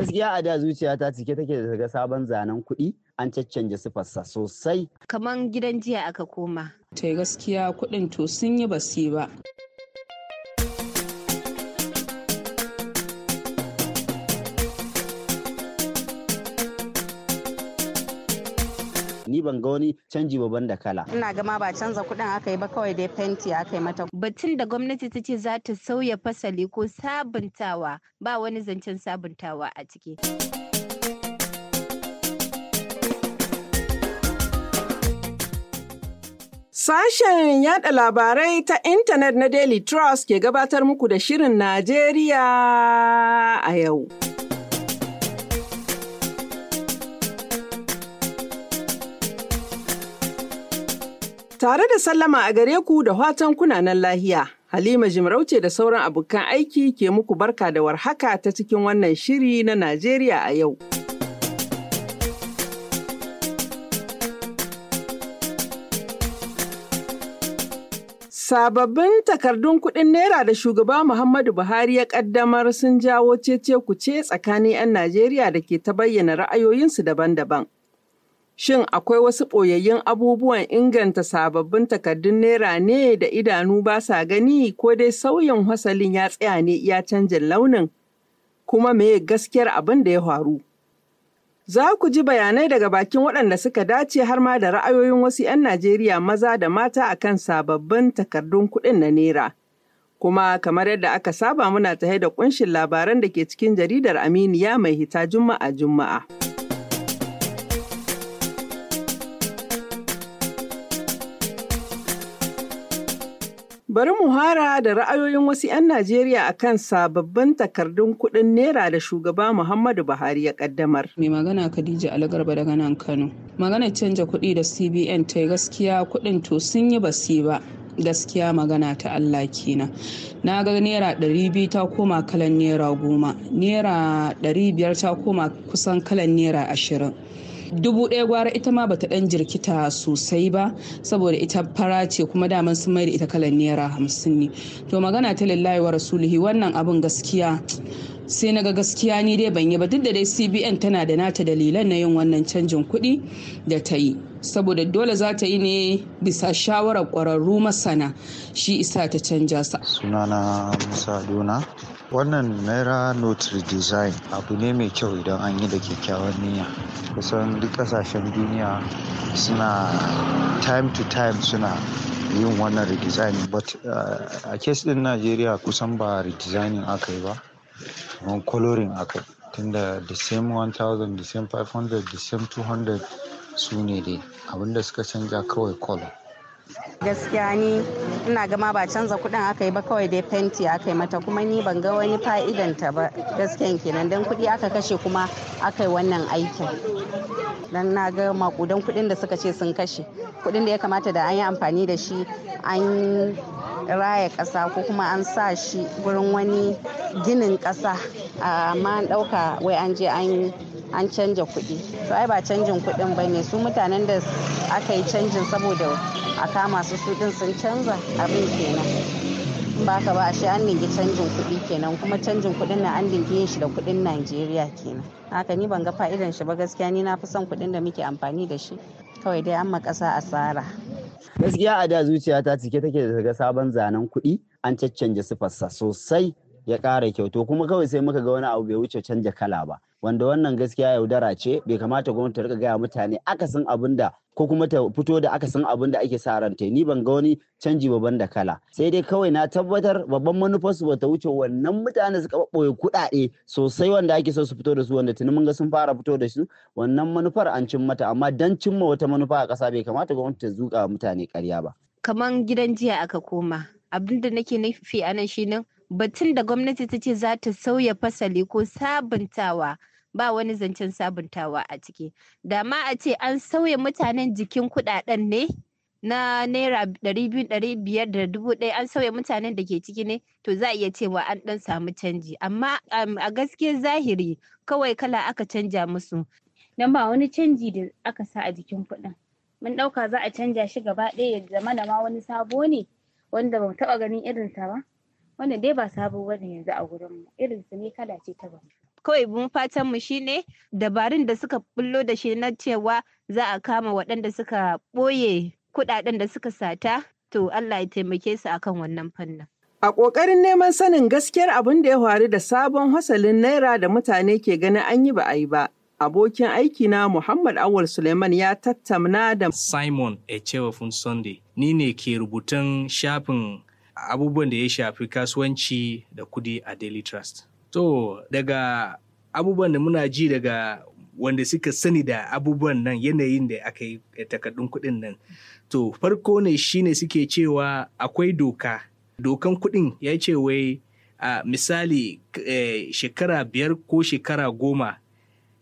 gaskiya a da zuciyata cike take da ga sabon zanen kuɗi an caccanje sifarsa sosai Kamar gidan jiya aka koma tai gaskiya kuɗin to sun yi basi ba ban ga wani canji ba banda kala ina gama ba canza kuɗin aka yi ba kawai dai fenti aka yi mata batun da gwamnati ta ce za ta sauya fasali ko sabuntawa ba wani zancen sabuntawa a ciki Sashen yada labarai ta intanet na Daily Trust ke gabatar muku da Shirin Najeriya a yau. Tare da sallama a gare ku da watan kunanan lahiya. Halima Jimarauce da sauran abokan aiki ke muku barka da warhaka ta cikin wannan shiri na Najeriya a yau. Sababbin takardun kuɗin Naira da shugaba Muhammadu Buhari ya ƙaddamar sun jawo cece kuce tsakanin 'yan Najeriya da ke ta bayyana ra'ayoyinsu daban-daban. Shin akwai wasu ɓoyayyun abubuwan inganta sababbin takardun Naira ne da idanu ba sa gani ko dai sauyin hasalin ya tsaya ne iya canjin launin? Kuma me gaskiyar abin da ya faru? Za ku ji bayanai daga bakin waɗanda suka dace har ma da ra'ayoyin wasu 'yan Najeriya maza da mata a kan sababbin takardun kuɗin na Naira. Kuma kamar yadda aka saba muna tahe da ƙunshin labaran da ke cikin jaridar Aminiya mai hita Juma'a Juma'a. Bari mu hara da ra'ayoyin wasu 'yan Najeriya a kan sababbin takardun kuɗin Naira da shugaba Muhammadu Buhari ya ƙaddamar. Mai magana Khadija Algarba daga nan Kano. Magana canja kuɗi da CBN ta yi gaskiya kuɗin to sun yi basi ba. gaskiya magana ta Allah na. na ga naira ɗari biyu ta koma kalan naira goma naira ɗari biyar ta koma kusan kalan naira ashirin dubu ɗaya gwara ita ma bata ɗan jirkita sosai ba saboda ita fara ce kuma daman sun mai da ita kalan naira hamsin ne to magana ta lillahi wa rasulihi wannan abun gaskiya sai na ga gaskiya ni dai ban yi ba duk da dai cbn tana da nata dalilan na yin wannan canjin kuɗi da ta yi saboda dole za ta yi ne bisa shawarar kwararru masana shi isa ta canja sa sunana musa aduna. Wannan Naira Note Redesign abu ne mai kyau idan an yi da kyakkyawan niyya. Kusan duk kasashen duniya suna time to time suna yin wannan redesign but eh, a case ɗin Najeriya kusan ba redesigning aka yi ba, amma coloring aka yi. Tunda the same 1000, the same 500, the same 200 su ne dai abinda suka canja kawai color. gaskiya ni ina gama ba canza kuɗin aka yi ba kawai dai fenti aka yi mata kuma ni ban ga wani fa'idanta ba gaskiyan kenan dan kuɗi aka kashe kuma aka yi wannan aikin dan na ga makudan kuɗin da suka ce sun kashe kuɗin da ya kamata da an yi amfani da shi an raya ƙasa ko kuma an sa shi gurin wani ginin ƙasa amma an ɗauka wai an je an an canja kuɗi to ai ba canjin kuɗin ba ne su mutanen da aka yi canjin saboda a kama su su ɗin sun canza abin kenan ba ka ba shi an dingi canjin kuɗi kenan kuma canjin kuɗin na an dingi yin shi da kuɗin najeriya kenan haka ni ban ga fa'idan shi ba gaskiya ni na fi son kuɗin da muke amfani da shi kawai dai an ma ƙasa asara gaskiya a da zuciyata cike take daga sabon zanen kuɗi an caccanje sifarsa sosai ya ƙara kyau to kuma kawai sai muka ga wani abu bai wuce canja kala ba wanda wannan gaskiya yaudara ce bai kamata gwamnati ta rika gaya mutane akasin abin da ko kuma ta fito da akasin abin da ake sa ranta ni ban ga wani canji babban da kala sai dai kawai na tabbatar babban manufarsu bata wuce wannan mutane suka ɓoye kuɗaɗe sosai wanda ake so su fito da su wanda tuni mun ga sun fara fito da su wannan manufar an cin mata amma dan cimma wata manufa a ƙasa bai kamata gwamnati ta zuƙa mutane ƙarya ba kaman gidan jiya aka koma abin nake nufi a nan shine batun da gwamnati ta ce za ta sauya fasali ko sabuntawa ba wani zancen sabuntawa a ciki da ma a ce an sauya mutanen jikin kudaden ne na naira biyar da dubu ɗaya an sauya mutanen da ke ciki ne to za a iya cewa an ɗan samu canji amma um, a gaskiyar zahiri kawai kala aka canja musu don ba wani canji da aka sa a jikin kuɗin mun ɗauka za a canja shi gaba ɗaya ya zama da ma wani sabo ne wanda ba mu taɓa ganin irinsa ba wannan dai ba sabon bane yanzu a gurin mu irin su ne kala ce ta ban kawai mun fatan mu shine dabarun da suka bullo da shi na cewa za a kama waɗanda suka ɓoye kuɗaɗen da suka sata to Allah ya taimake su akan wannan fannin A ƙoƙarin neman sanin gaskiyar abin da ya faru da sabon hasalin Naira da mutane ke ganin an yi ba a yi ba, abokin aiki na Muhammad Awal Suleiman ya tattauna da Simon Echewafun Sunday, ni ne ke rubutun shafin abubuwan da ya shafi kasuwanci da kudi a daily trust to daga abubuwan da muna ji daga wanda suka sani da abubuwan nan yanayin da aka yi takardun kuɗin nan to farko ne shine suke cewa akwai doka dokan kuɗin ya ce wai a misali eh, shekara biyar ko shekara goma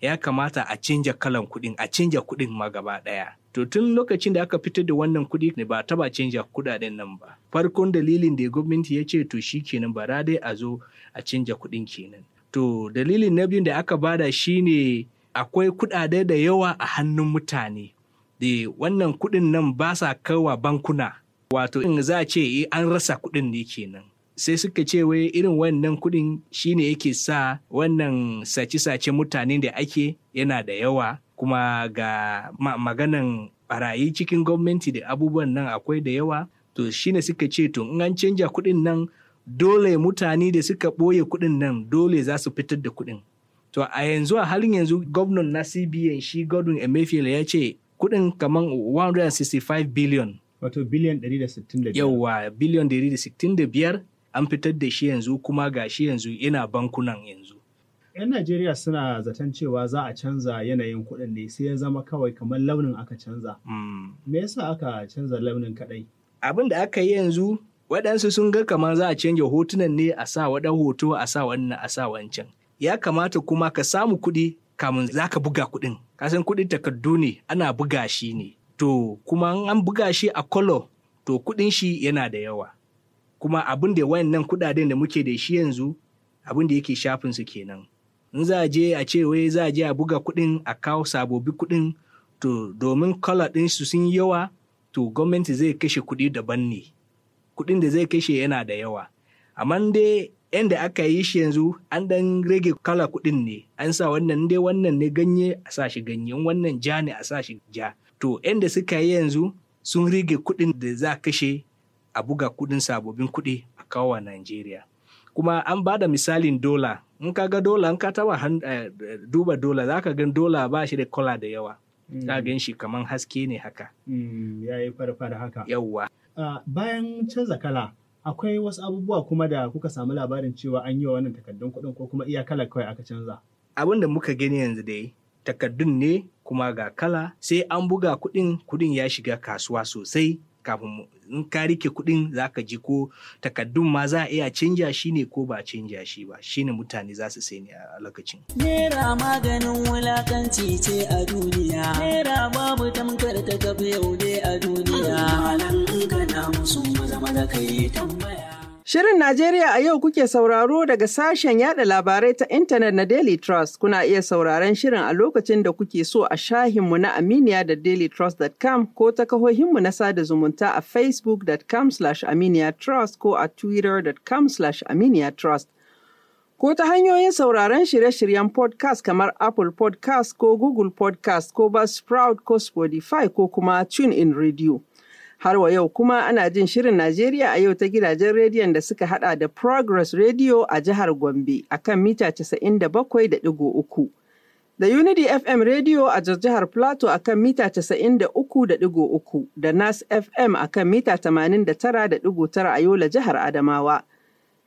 ya kamata a canja kalan kuɗin a canja kuɗin ma gaba ɗaya To tun lokacin da aka fitar da wannan kuɗi ne ba ta ba canja kuɗaɗen nan ba. Farkon dalilin da gwamnati ya ce to shi kenan bara dai a zo a canja kuɗin kenan. To dalilin na biyun da aka bada ne akwai kuɗaɗe da yawa a hannun mutane. Da wannan kuɗin nan ba sa kawa bankuna. Wato in za a ce eh an rasa kuɗin ne kenan. sai suka ce wai irin wannan kuɗin shine yake sa wannan sace-sace mutane da ake yana da yawa kuma ga ma, maganan barayi cikin gwamnati da abubuwan nan akwai da yawa to shine suka ce to in an canja kuɗin nan dole mutane da suka ɓoye kuɗin nan dole za su fitar da kuɗin to a yanzu a halin yanzu gwamnan na cbn shi godwin emefiel ya ce kuɗin kamar 165 billion wato biliyan 165 yawa biliyan 165 an fitar da shi yanzu kuma ga shi yanzu yana bankunan yanzu. 'Yan Najeriya suna zaton cewa za a canza yanayin kuɗin ne sai ya zama kawai kamar launin aka canza. Hmm. Me yasa aka canza launin kaɗai? Abin da aka yi yanzu waɗansu sun ga kamar za a canja hotunan ne a sa waɗan hoto a sa wannan a sa wancan. Ya kamata kuma ka samu kuɗi kamun za ka buga kuɗin. Kasan kuɗin takardu ne ana buga shi ne. To kuma an buga shi a kolo to kuɗin shi yana da yawa. kuma abin da wayannan kudaden da muke da shi yanzu abin da yake shafin su kenan in za a je a ce wai za a je a buga kudin a kawo sabobi kudin to domin kala din su sun yawa to gwamnati zai kashe kudi daban ne kudin da zai kashe yana da yawa amma dai yanda aka yi shi yanzu an dan rage kala kudin ne an sa wannan dai wannan ne ganye a sa shi ganye wannan ja ne a sa shi ja to yanda suka yi yanzu sun rage kudin da za kashe a buga kudin sabobin kudi a kawo Najeriya. Kuma an ba da misalin dola, in ka ga dola, in ka taba eh, duba dola, za ka gan dola ba shi da kola da yawa. Mm. Za gan shi kamar haske ne haka. Mm, ya yi farfara haka. Yawwa. Bayan canza kala, akwai wasu abubuwa kuma da kuka samu labarin cewa an yi wa wannan takardun kuɗin ko kuma iya kala kawai aka canza. Abin da muka gani yanzu dai, takardun ne kuma ga kala sai an buga kuɗin kuɗin ya shiga kasuwa sosai kafin in ka rike kuɗin za ka ji ko takaddun ma za a iya canja shi ne ko ba canja shi ba shi ne mutane za su sai ne a lokacin. Nera maganin wulakanci ce a duniya. Nera babu tamkar ta kafa yau a duniya. Malam gana musu maza maza kai tambaya. Shirin Najeriya a yau kuke sauraro daga sashen yada labarai ta intanet na Daily Trust. Kuna iya sauraron shirin a lokacin da kuke so a shahinmu na Aminiya da dailytrust.com ko ta kahohinmu na sada zumunta a facebookcom aminiyatrust ko a twittercom aminiyatrust Ko ta hanyoyin sauraron shirye-shiryen podcast kamar Apple podcast ko Google podcast ko Buzzsprout ko Spotify ko kuma in Radio. Har wa yau kuma ana jin shirin Najeriya a yau ta gidajen rediyon da suka hada da Progress Radio a jihar Gombe a kan mita 97.3. Da Unity FM Radio a jihar Plateau a kan mita 93.3 da Nas FM a kan mita 89.9 a Yola jihar Adamawa.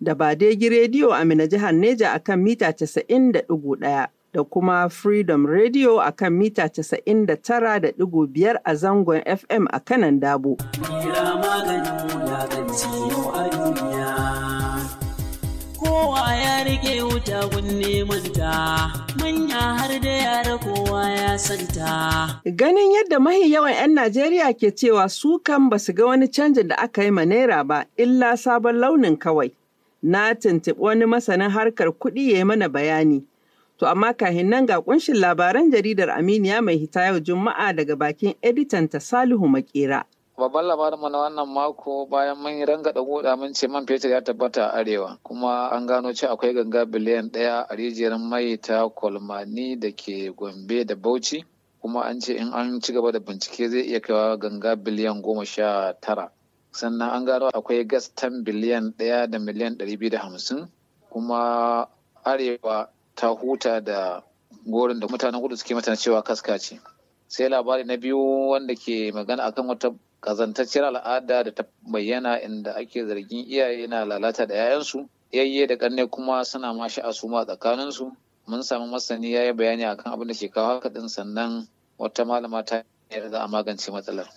Da Badegi Radio a Mina jihar Neja a kan mita ɗaya. da kuma Freedom Radio a kan mita 99.5 a zangon FM a kanan Dabo. Kowa ya rike wuta gun neman manya har da yara kowa ya santa. Ganin yadda mahi yawan 'yan Najeriya ke cewa su kan ba su ga wani canjin da aka yi ma naira ba, illa sabon launin kawai. Na tuntuɓi wani masanin harkar kuɗi ya yi mana bayani. To amma kahin nan ga kunshin labaran jaridar Aminiya mai hita yau Juma'a daga bakin editan ta Salihu Makera. babban labarin mu na wannan mako bayan mun yi da goda mun ce man fetur ya tabbata a arewa kuma an gano ce akwai ganga biliyan daya a rijiyar mai ta kolmani da ke gombe da bauchi kuma an ce in an ci gaba da bincike zai iya kaiwa ganga biliyan goma sha tara sannan an gano akwai gas tan biliyan daya da miliyan ɗari biyu da hamsin kuma arewa ta huta da gorin da mutanen kudu suke mata cewa kaska ce sai labari na biyu wanda ke magana akan wata kazantacciyar al'ada da ta bayyana inda ake zargin iyaye na lalata da 'ya'yansu yayye da kanne kuma suna mashi asuma tsakaninsu mun samu masani ya yi bayani akan abin da ke kawo haka din sannan wata malama ta yarda a magance matsalar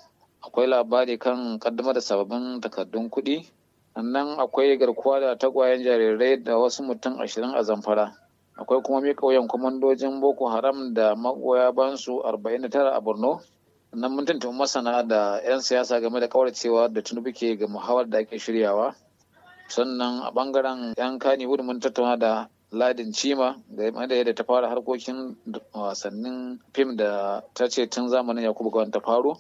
akwai labari kan ƙaddamar da sababbin takardun kuɗi sannan akwai garkuwa da tagwayen jarirai da wasu mutum ashirin a zamfara akwai kuma mai kauyen kwamandojin boko haram da magoya bansu 49 a borno nan mun tuntun masana da 'yan siyasa game da cewa da tunubu ke ga muhawar da ake shiryawa sannan a bangaren 'yan kani wudu mun tattauna da ladin cima da yadda ta fara harkokin wasannin fim da ta ce tun zamanin yakubu gawan ta faru?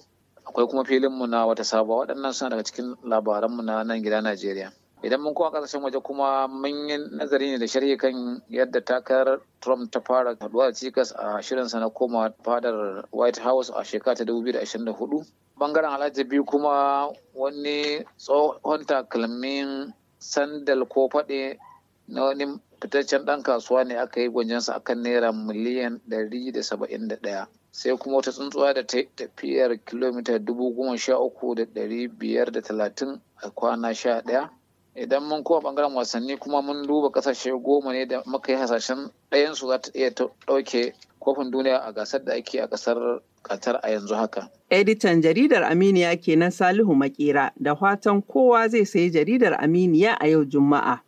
akwai kuma filinmu na wata sabuwa waɗannan suna daga cikin labaranmu na nan gida najeriya idan mun kowa kasashen waje kuma mun yi nazari ne da sharhi kan yadda takar trump ta fara haduwa da cikas a shirinsa na koma fadar white house a shekara 2024 bangaren alhaji biyu kuma wani tsohon takalmin sandal ko faɗi na wani fitaccen ɗan kasuwa ne aka yi sa akan naira miliyan 171 sai kuma wata tsuntsuwa da ta tafiyar kilomita 13,530 a kwana 11 idan mun koma bangaren wasanni kuma mun duba kasashe goma ne da muka yi hasashen ɗayansu za ta iya ɗauke kofin duniya a gasar da ake a ƙasar Qatar a yanzu haka. Editan jaridar Aminiya kenan Salihu Makera da fatan kowa zai sayi jaridar Aminiya a yau Juma'a.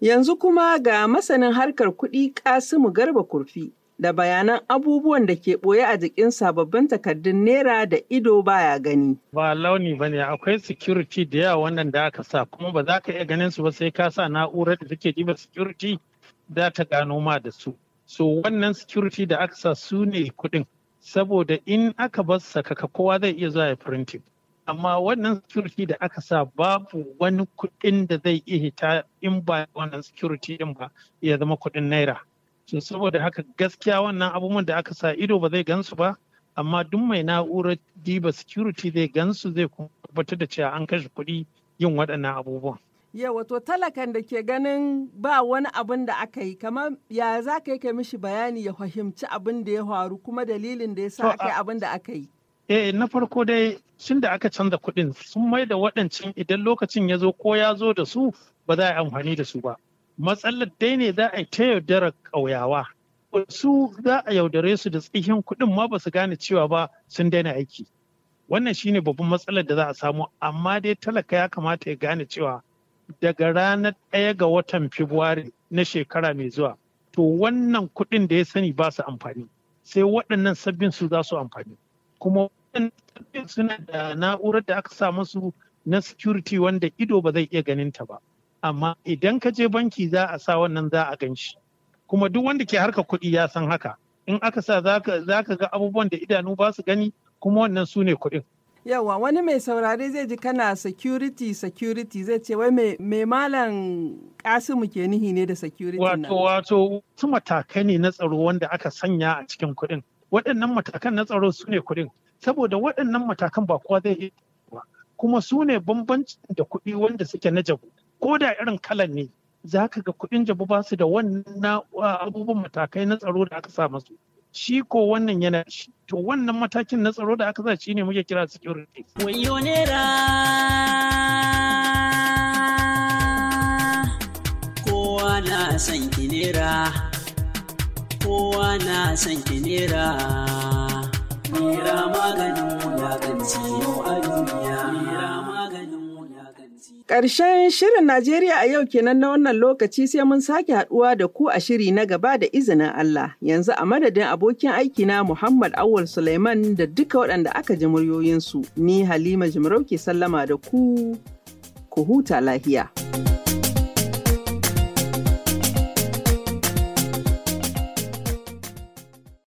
Yanzu kuma ga masanin harkar kuɗi Kasimu Garba Kurfi da bayanan abubuwan da ke ɓoye a jikin sababbin takardun Naira da ido baya gani. Ba launi ba ne akwai security da yawa wannan da aka sa kuma ba za ka iya ganin su ba sai ka sa na'urar da take ɗiba security da ta gano ma da su. So wannan security da aka sa su ne kuɗin saboda in aka bar sakaka kowa zai iya zuwa ya printing. amma wannan security da aka sa babu wani kuɗin da zai iya hita in ba wannan security din ba ya zama kuɗin naira so saboda haka gaskiya wannan abubuwan da aka sa ido ba zai gansu ba amma duk mai na'urar diba security zai gansu zai tabbatar da cewa an kashe kuɗi yin waɗannan abubuwan ya wato talakan da ke ganin ba wani abin da aka yi kamar ya za ka yi ka mishi bayani ya fahimci abin da ya faru kuma dalilin da ya sa aka yi abin da aka yi eh na farko dai tun da aka canza kuɗin sun mai da waɗancan idan lokacin ya zo ko ya zo da su ba za a yi amfani da su ba matsalar dai ne za a yi ta yaudara ƙauyawa su za a yaudare su da tsihin kuɗin ma ba su gane cewa ba sun daina aiki wannan shine babban matsalar da za a samu amma dai talaka ya kamata ya gane cewa daga ranar ɗaya ga watan Fabrairu na shekara mai zuwa to wannan kuɗin da ya sani ba su amfani sai waɗannan sabbin su za su amfani kuma suna da na'urar da aka sa musu na security wanda ido ba zai iya ganin ta ba amma idan ka je banki za a sa wannan za a gan shi kuma duk wanda ke harka kuɗi ya san haka in aka sa za ka ga abubuwan da idanu ba su gani kuma wannan su ne kuɗin yawa wani mai saurari zai ji kana security security zai ce wai mai malam kasimu ke nihi ne da security wato wato wasu matakai ne na tsaro wanda aka sanya a cikin kuɗin waɗannan matakan na tsaro su ne kuɗin saboda waɗannan matakan ba kowa zai iya ba kuma su ne bambancin da kuɗi wanda suke na jabu ko da irin kalan ne za ka ga kuɗin jabu ba su da wannan abubuwan matakai na tsaro da aka sa masu shi ko wannan yana shi to wannan matakin na tsaro da aka sa shi ne muke kira security. Wayo kowa na san kinera. kowa na san ki nera nera maganin wulakanci yau a duniya nera maganin Ƙarshen shirin Najeriya a yau kenan na wannan lokaci sai mun sake haɗuwa da ku a shiri na gaba da izinin Allah. Yanzu a madadin abokin aikina Muhammad Awul Suleiman da duka waɗanda aka ji muryoyinsu, ni Halima ke sallama da ku, ku huta lahiya.